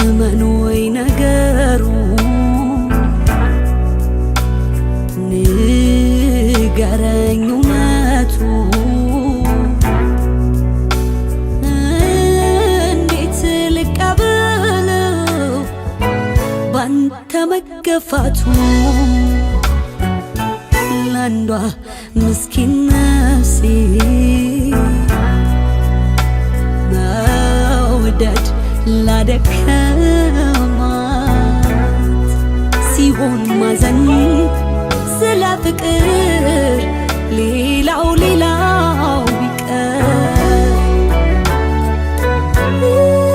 እመን ወይ ነገሩ ንገረኝ እውነቱ እንዴት ልቀበለው ባንተ መገፋቱ ለአንዷ ምስኪን ነፍሴ መውደድ ላደከማት ሲሆን ማዘን ስለ ፍቅር ሌላው ሌላው ቢቀር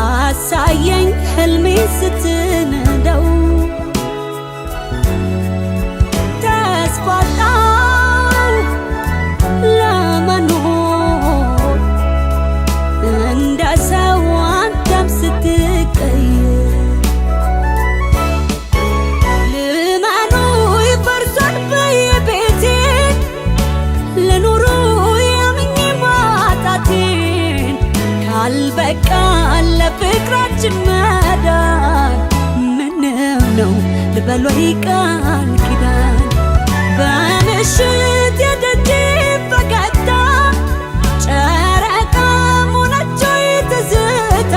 አምላኬን ህልሜ ስትነደው አልበቃ አለ ፍቅራችን መዳን ምንም ነው ልበሎ ቃል ኪዳን በምሽት የደጅ ፈገግታ ጨረቃ ሙናቸው ትዝታ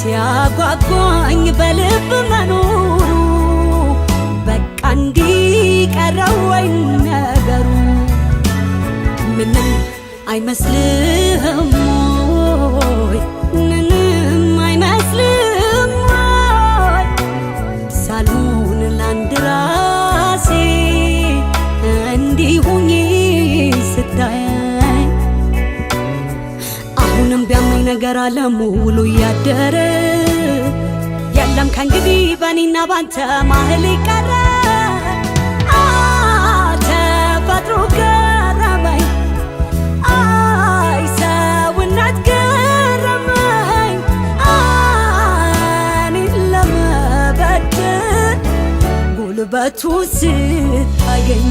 ሲያጓጓኝ በልብ መኖሩ በቃ እንዲቀረው ወይ ነገሩ ምንም አይመስልህም ሆይ ምንም አይመስልም አሁንም ቢያመኝ ነገር እያደረ የለም ከእንግዲህ በእኔና ባንተ ማህል ይቀረ ተፈጥሮ በቱ ስታገኝ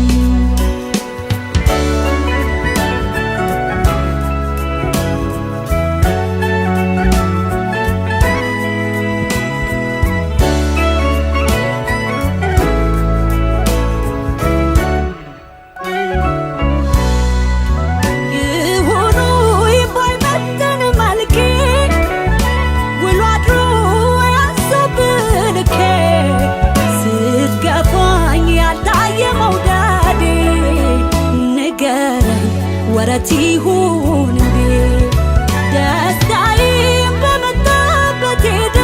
እውነት ይሁን እንዴ ደስታዬም በመጣበት ሄደ፣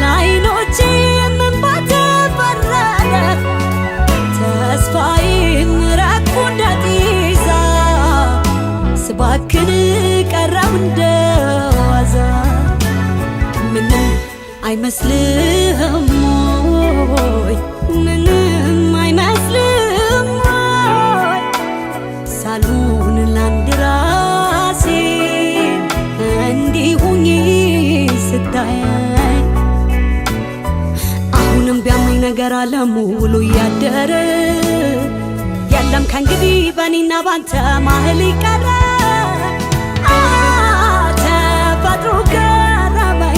ለዓይኖቼም እንባ ተፈረደ፣ ተስፋዬም ራቅኩ እንደ ጤዛ ስባክን ቀረሁ እንደ ምንም አይመስልህም ወይ ምንም አይመስልህም ወይ ሳሉ አሁንም ቢያመኝ ነገር አለሙሉ እያደረ የለም ከእንግዲህ በእኔና ባንተ ማህል ይቀረ ተፈጥሮ ገረመኝ